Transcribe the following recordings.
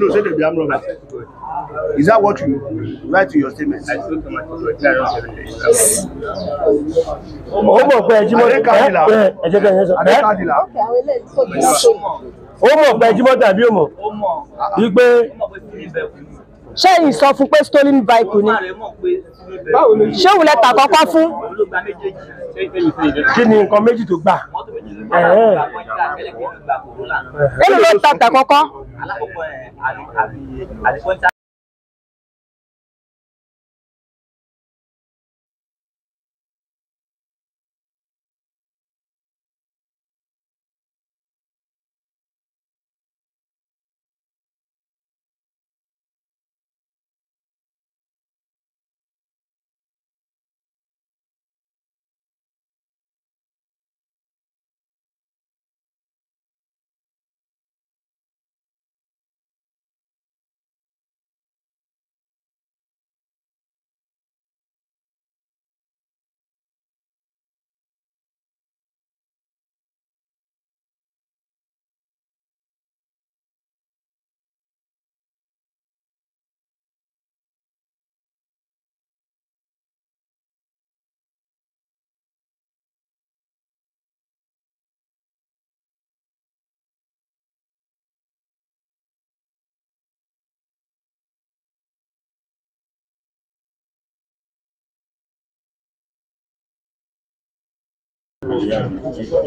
No, say the Biafran government. Is that what you write to your statement? I told them I told you, I don't Ó mọ̀ pé Ẹjímọ́ Ó mọ̀ pé Ẹjímọ́ tàbí ó mọ̀ wípé ṣé ìsọfún pé stolen vehicle ni ṣé òun lẹ́tà kọ́kọ́ fún. kí ni nǹkan méjì tó gbà. èlò ló ta tà kọ́kọ́.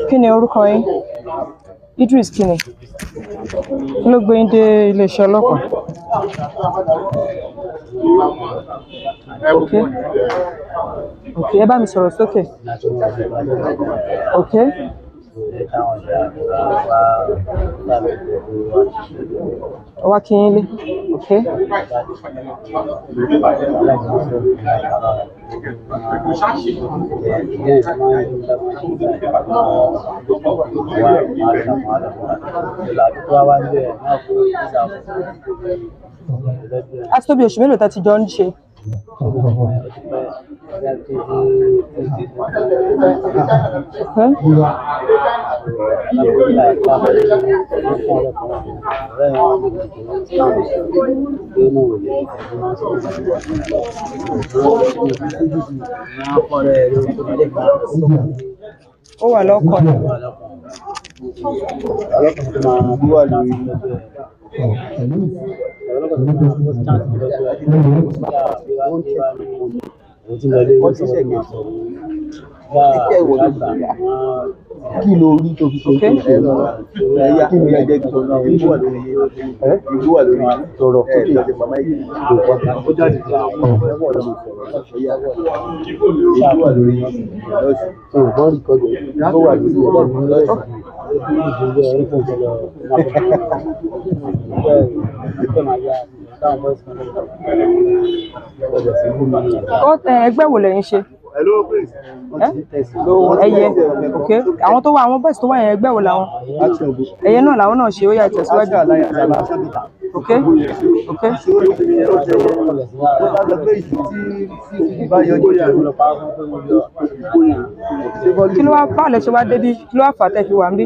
kí ni orúkọ yín Idris kini kí ló gbé yín dé iléeṣẹ́ ọlọ́pàá ok ok ẹ bá mi sọ̀rọ̀ sókè ok wá kí yín ok. a tó bí oṣù mélòó tá a ti Oh alors wọ́n ti ṣẹ̀gẹ̀ sọ títẹ̀ ìwọ ló gbà kí ló rí tó fi ṣe é lọ ẹ̀yà kí ni ẹ̀jẹ̀ tó lọ ìlú wà lórí ìlú wà lórí sọ̀rọ̀ kókè ló wà ó jáde tó ẹ̀wọ̀n ló sọ̀rọ̀ ìlú wà lórí ọ̀sùn ọ̀gbọ́n rìkọ́dù tó wà lórí ọ̀gbọ́n lọ́sùn. Thank you ẹgbẹ́ wo lẹ́yìn ṣe ẹyẹ ok àwọn tó wà àwọn bọ́ọ̀sì tó wà yẹn ẹgbẹ́ wo làwọn ẹyẹ náà làwọn náà ṣe ó yà ìtẹ̀síwájú ok ok. kí ló wá báwo lẹ ṣe wá débi kí ló wá fà á tẹ̀ fi wà ń bí.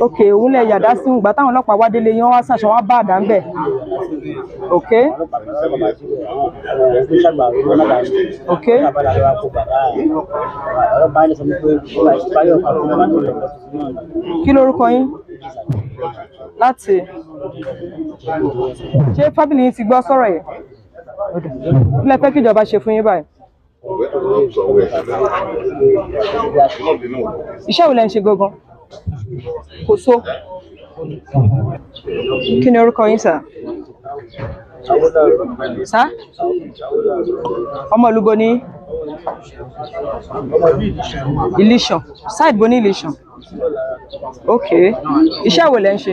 ok òun lè yàdá sí ìgbà táwọn ọlọ́pàá wá délé yẹn wá ṣàṣọ wá bá àdá ń bẹ̀ ok ok kí lorúkọ yín láti ṣé fábìlì yín ti gbọ́ sọ̀rọ̀ yẹn kí lẹ fẹ́ kí ìjọba ṣe fún yín báyìí. iṣẹ́ wo lẹ ń ṣe gangan kò so kí ni orúkọ yín sà sá ọmọlúbo ní ilé iṣan side bo ní ilé iṣan ok iṣẹ́ wo lẹ ń ṣe.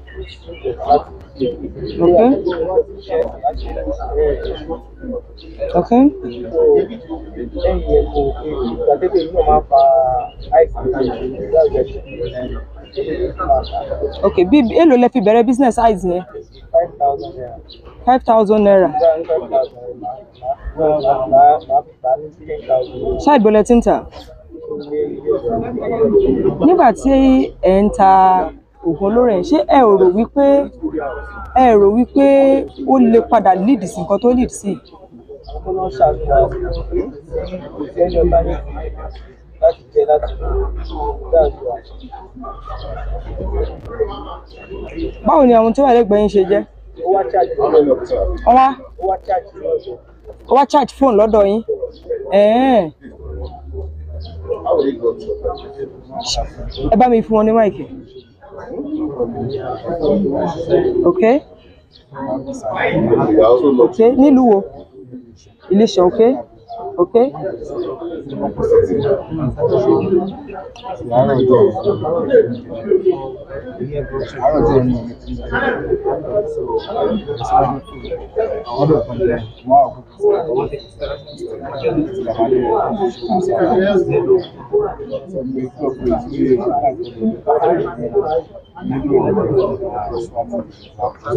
Okay. Okay. Okay, bí èló lẹ fi bẹ̀rẹ̀ business size yẹn? Five thousand naira. Ṣáà ìbọ̀lẹ̀ tí ń tà? Nígbà tí ẹ̀ ń ta oògùn olóró yẹn ṣé ẹ ò rò wípé ẹ rò wípé ó lè padà lead sí nǹkan tó lead sí. kọ́nà ṣàfihàn kò sí ẹni ọba ní láti jẹ láti dáàbò. báwo ni àwọn tó wà lẹ́gbẹ̀ẹ́ yín ṣe jẹ́. ó charge fóònù lọ́dọ̀ yín. ó wá charge fóònù lọ́dọ̀ yín ẹ bá mi fún wọn ní máìkì ok ok nílùú wo Iléṣà ok. Okay? Bàtà tí jáde máa ń sọ ọmọ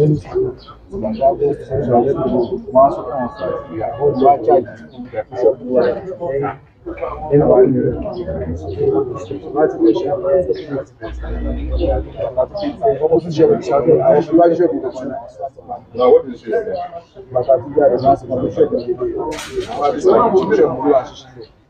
ìṣègùn ìdílé. Àwọn àti sọ́kùnrin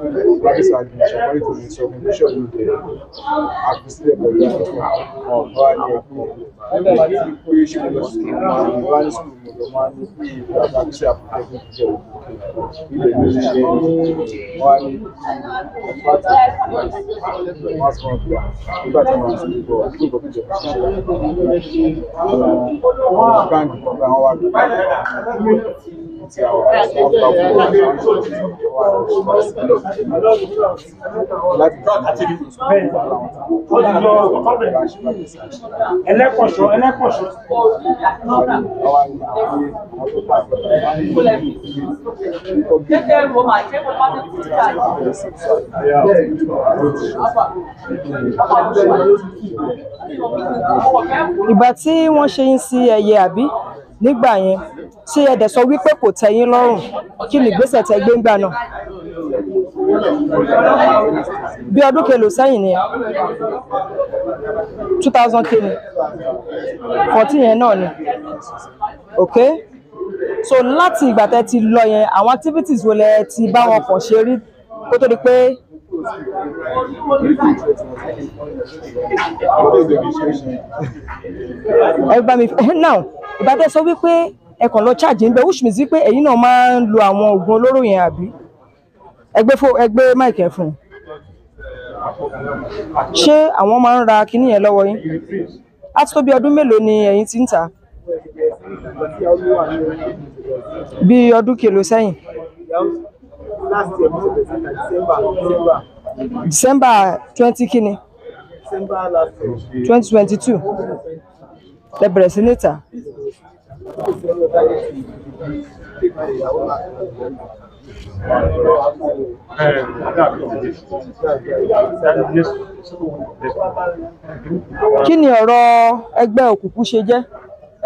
Vice Admission according to the submission ní ilẹ̀ àfisílẹ̀ pẹ̀lú àfihàn ọ̀gá ni ẹ̀kọ́. Nígbà bá ti pé ṣe mo lọ sí ìmọ̀ ìwà ní sùn mo lọ máa ní pé ìgbà bá ti àpòkẹ́ fún ìjẹ́ òkè. Ilẹ̀ ló ṣe ní wọ́n á ní ìgbà tí wọ́n máa sọ̀rọ̀ bí wà. Nígbà tí wọ́n ti bọ̀ àti ìgbà tó jẹ́ kí ṣe. Báńkì kan bá wọn wá lọ tí a wà wọ́n gbà fún wa ẹlẹ́kọ̀ṣọ́ ẹlẹ́kọ̀ṣọ́. Gẹ́gẹ́ wo máa jẹ́ kó má lè kú Ìgbà tí wọ́n ṣe ń sí ẹyẹ àbí nígbà yẹn tí ẹ dẹ̀ sọ wípé kò tẹ́ yín lọ́rùn kí ni ìgbésẹ̀ tẹ́ gbé ńgbà náà bí ọdún kelo sẹ́yìn ni two thousand kelo fourteen yẹn náà ni ok so láti ìgbà tẹ́ ti lọ yẹn àwọn activities wo lẹ ti bá wọn kàn ṣe rí kó tó di pé ẹ bá mi now ìbá tẹ́ sọ wípé ẹ kàn lọ charge ń bẹ which means pé ẹ̀yin náà máa ń lo àwọn oògùn olóró yẹn àbí ẹgbẹ́ fò ẹgbẹ́ máìkì ẹ̀ fún un ṣé àwọn máa ń ra kinní yẹn lọ́wọ́ yín á tó bí ọdún mélòó ni ẹ̀yin ti ń tà bí ọdún kèlò sẹ́yìn December twenty kínní twenty twenty two ẹ bẹ̀rẹ̀ sí ní kí ni ọ̀rọ̀ ẹgbẹ́ òkùnkùn ṣe jẹ́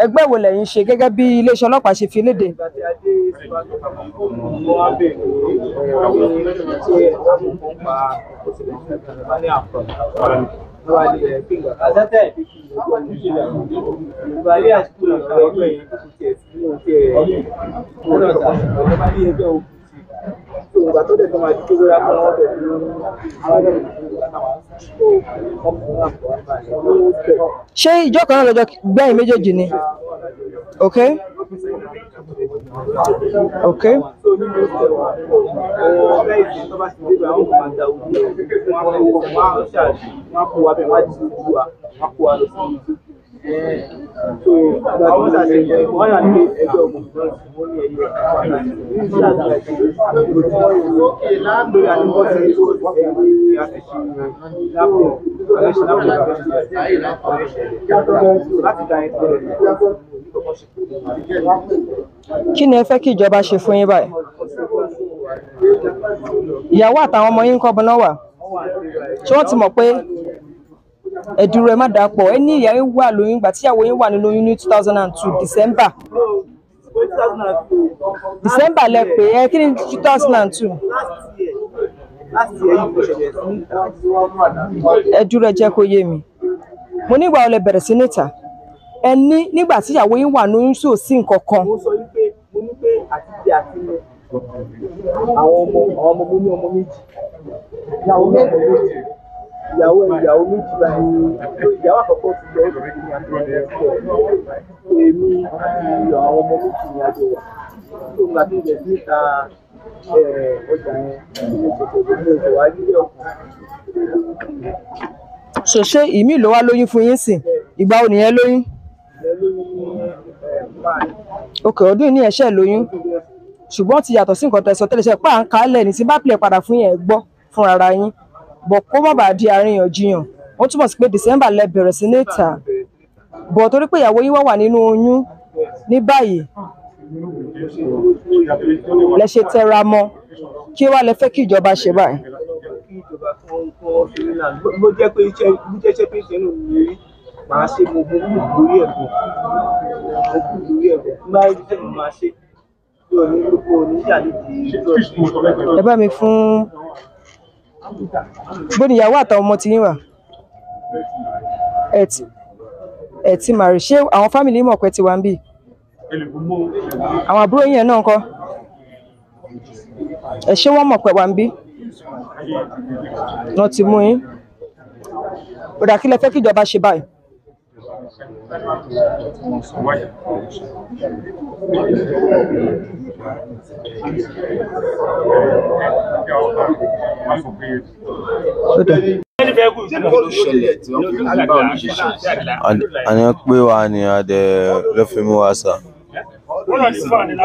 ẹgbẹ́ wo lẹ́yìn ṣe gẹ́gẹ́ bí iléeṣẹ́ ọlọ́pàá ṣe fi léde. Thank you ìgbà tó dẹ̀ tó máa dúró bóyá kan wọ́n bẹ̀ fún ṣé ìjọ kan náà lọ́jọ́ gbẹ̀yìn méjèèjì ni ok ok so àwọn ṣàṣe wọn yà ní ẹgbẹ́ ọmọ wọn ní ẹyẹ òkè láàbò àti wọn ti kó ẹgbẹ́ kí ni ẹ fẹ́ kí ìjọba ṣe fún yín báyìí ìyàwó àtàwọn ọmọ yín ń kọ́ bọ́ná wà ṣé wọ́n ti mọ̀ pé ẹ̀dùn rẹ̀ má dàá pọ̀ ẹ ní ìyá yín wà lóyún ìgbà tíyàwó yín wà nínú oyún ní two thousand and two december december lẹ pé ẹ kí ni two thousand and two ẹ̀dùn rẹ̀ jẹ́ kó yé mi mo ní ìgbà ọ̀lẹ̀ bẹ̀rẹ̀ sí níta ẹ ní nígbà tíyàwó yín wà lóyún sí òsín kankan. àwọn ọmọ ọmọ mo ní ọmọ méjì ìyàwó mẹ́rin méjì ìyàwó ìyàwó méjì báyìí ìyàwó àkọ́kọ́ ti lọ sí ìyàwó èmi àti àwọn ọmọ méjì ni a jọ wà tó ń gbà tó ń jẹ sí ìta ọjà yẹn ní ìṣẹ̀ṣẹ̀ ní oṣù wájú ilé ọ̀gbìn. ṣòṣe ìmí ló wá lóyún fún yín sìn ìgbà wo nìyẹn lóyún. òkè ọdún ní ẹ̀ṣẹ̀ lóyún ṣùgbọ́n ti yàtọ̀ sí nǹkan tẹ̀sán tẹ́lẹ̀ ṣe pàǹkálẹ̀ ní ti bá pilẹ̀ padà fún yẹn gbọ́ fúnra ara yín bọ̀ kó má bàa di àríyànjiyàn wọ́n túmọ̀ sí pé December lẹ bẹ̀rẹ̀ sí ní tà bọ̀ torí pé ìyàwó yín wá wà nínú oyún ní báyìí lẹ ṣe tẹra mọ́ kí wàá lẹ fẹ́ kí ìjọba ṣe báyìí. mo jẹ́ pé iṣẹ́ mo jẹ́ iṣẹ́ pé iṣẹ́ nù mí rí màá ṣe mo mo kú lórí ẹ̀gbọ́n mo kú lórí ẹ̀gbọ́n máa ń tẹ̀lé màá ṣe mi ò ní gbogbo oníyàlejò. ẹ bá mi fún bó ni ìyàwó àtàwọn ọmọ ti yín wà ẹ ti ẹ ti màrí ṣé àwọn fámìlì mọ̀ pé ti wà ń bì àwọn àbúrò yín yẹn náà ńkọ́ ẹ ṣé wọ́n mọ̀ pé wà ń bì náà ti mú yín ó kí lẹ fẹ́ kíjọba ṣe báyìí. Ouais. àní pé wà ní adẹ ló fi mú wa sà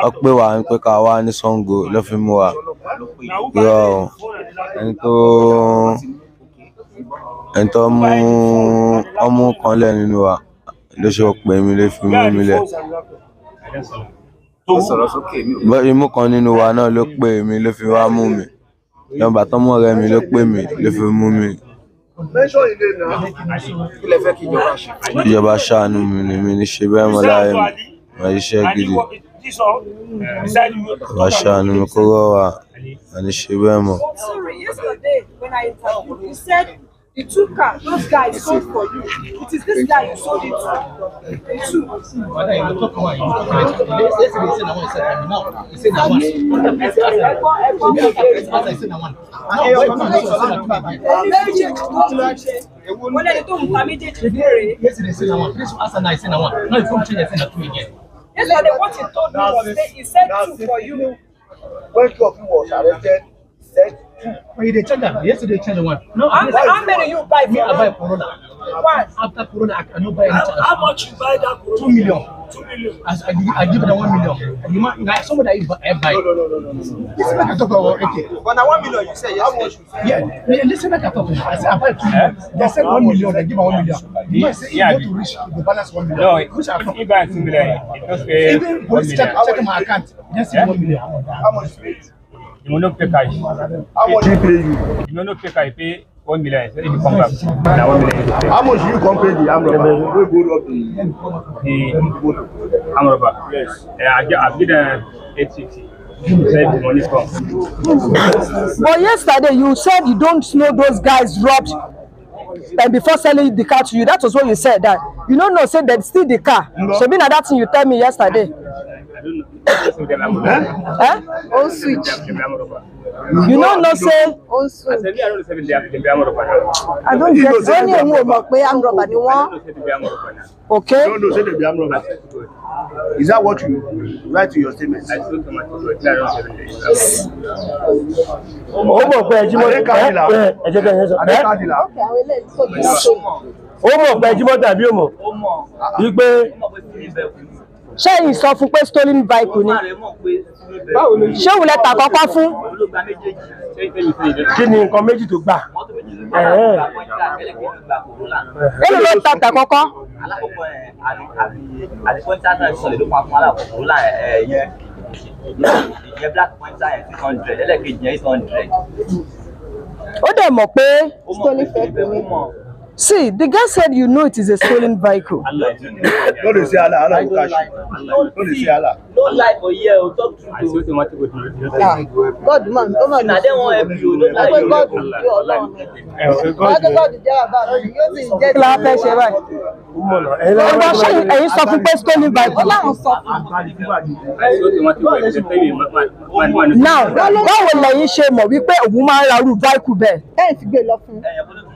ọ pé wà ní pé ká wá ní Ṣàngó ló fi mú wa yọ ẹni tó ẹni tó mú ọmú kan lẹ nínú wa ló ṣe ọ̀pẹ mi ló fi mú mi lẹ̀ bọ́ọ̀lù mú kan nínú wa náà ló pè mí ló fi wá mú mi nọ́mbà tọ́mọ rẹ mi ló pè mí ló fi mú mi. ìjọba ṣàánú mi ni mi ní ṣe bẹ́ẹ̀ mọ́ láàyè mi màá ṣiṣẹ́ gidi ìjọba ṣàánú mi kó rọ̀ wá màá ní ṣe bẹ́ẹ̀ mọ́. The two car, those guys sold for you. It is this guy you sold it to. The two. Father, you talk about you. Yesterday, say na one, say na You say na one. As say na one. Now, you say na two? Méjì tó ṣe. Wọ́n lẹ́ni tó ń ta méjèèjì léèrè. Yesterday, say na one. This one, as I say na one. Now, you come change, I say two again. Yesterday, what he told me he said two for you. When two of you was arrested, said two. But you they change them. Yesterday they changed one. No, how, many you buy Me, I buy Corona. Why? After Corona, I cannot buy any charger. How much you buy that Corona? Two million. Two million. As I, I give them one million. you might, like somebody I buy. No, no, no, no, no. no. This is like I talk about. Okay. But now one million, you say yes. How much? Yeah. yeah. Listen, like I talk I say I buy two million. Eh? They said one million. They give me one million. No, I say if yeah, you want to reach the balance one million. No, which I buy two million, it Even police check check my account. Just say eh? one million. How much? You will not pay cash. How much do you pay you? You will not pay cash. Pay one million. So if you come back, now one million. You pay. How much you come pay the arm robber? We go rob the the arm robber. Yes. Uh, I get I get uh, eight fifty. but yesterday you said you don't know those guys robbed and before selling the car to you that was what you said that you no know say they steal the car shebi na that thing you tell me yesterday. On switch. You no know say on switch. I don't get it. Only òun ò mọ̀ pé armed robber ni Okay. You don't say they be armed Is that what you write to your statement? Ó mọ̀ pé ẹjí mọ́tò ẹ̀ ẹ̀jẹ̀ kẹ́hìn sọ. Adékadìlá. Ó mọ̀ pé ẹjí mọ́tò àbí ó mọ̀? Ó mọ̀. Wípé. Ó mọ̀ pé kí ni bẹ̀rù ṣé ìsọ fún pé stolen vehicle ni ṣé òun lẹ́tà kọ́kọ́ fún. kí ni nǹkan méjì tó gbà. èlò ló ta tà kọ́kọ́. alákọ̀ọ́kọ́ ẹ̀ àdìpọ́ tí a náà sọ̀rọ̀ ló pa fún alákọ̀ọ́kọ́ là yẹn ìyẹn black pointer yẹn six hundred ẹlẹ́kejì yẹn eight hundred. ó dẹ̀ mọ̀ pé stolen vehicle ni. See, the guy said you know it is a stolen vehicle. Don't is No, say Allah, Allah will catch you. No, say Allah. No lie for here, we'll talk to you. Ah, God, man, come on. Now, they won't help you. No lie. God, God, God, God, God, God, God, God, God, Ọgbọ́n ṣe ẹ̀yin sọ fún pé stolen bible. Ọlọ́run sọ fún mi. Now, báwo lẹ̀yin ṣe mọ̀ wípé òun máa ń ra irú báìkù bẹ́ẹ̀? Bẹ́ẹ̀ ti gbé lọ fún.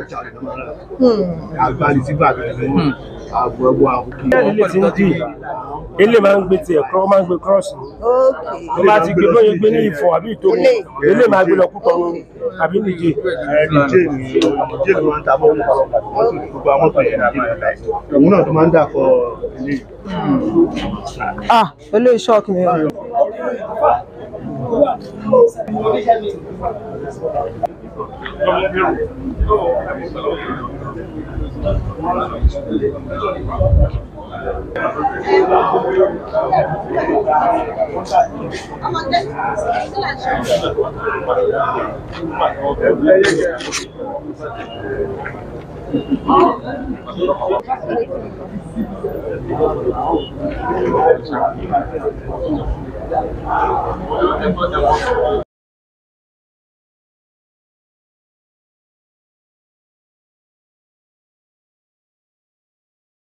Ele tí bàbá rẹ̀ mú àgbo ẹgbọ́ àkókò. ilé tí ń dì ilé máa ń gbé tiẹ̀ kọ́ máa ń gbé kírọ́ọ̀sì tó bá ti gbé bóyá gbé ní ìfọ̀ àbí ìtòkù ilé máa gbé lọ kútọ́ àbí nìjẹ́. nìjẹ́ ni nìjẹ́ ló máa ń ta bọ́ gbogbo àwọn tó yẹ nìjẹ́ ló ta òun náà tó máa ń dà kọ ilé. ah olóyè ṣọ́ọ̀kì mi. 아, 네.